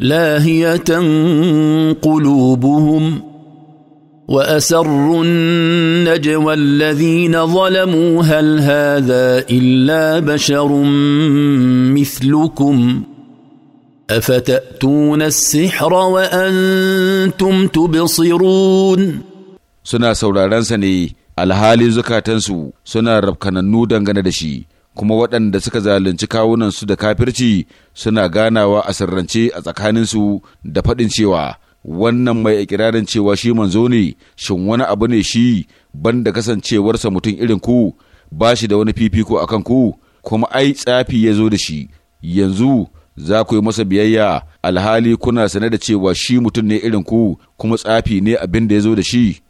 لاهيه قلوبهم واسروا النجوى الذين ظلموا هل هذا الا بشر مثلكم افتاتون السحر وانتم تبصرون suna saurarensa ne alhali zukatansu suna rafkanannu dangane da shi kuma waɗanda suka zalunci kawunansu da kafirci suna ganawa a sirrance a tsakaninsu da faɗin cewa wannan mai ikirarin cewa shi manzo ne shin wani abu ne shi ban da kasancewarsa mutum irin ku ba shi da wani fifiko a kan ku kuma ai tsafi ya zo da shi yanzu za ku yi masa biyayya alhali kuna sane da cewa shi mutum ne irin ku kuma tsafi ne abin da ya zo da shi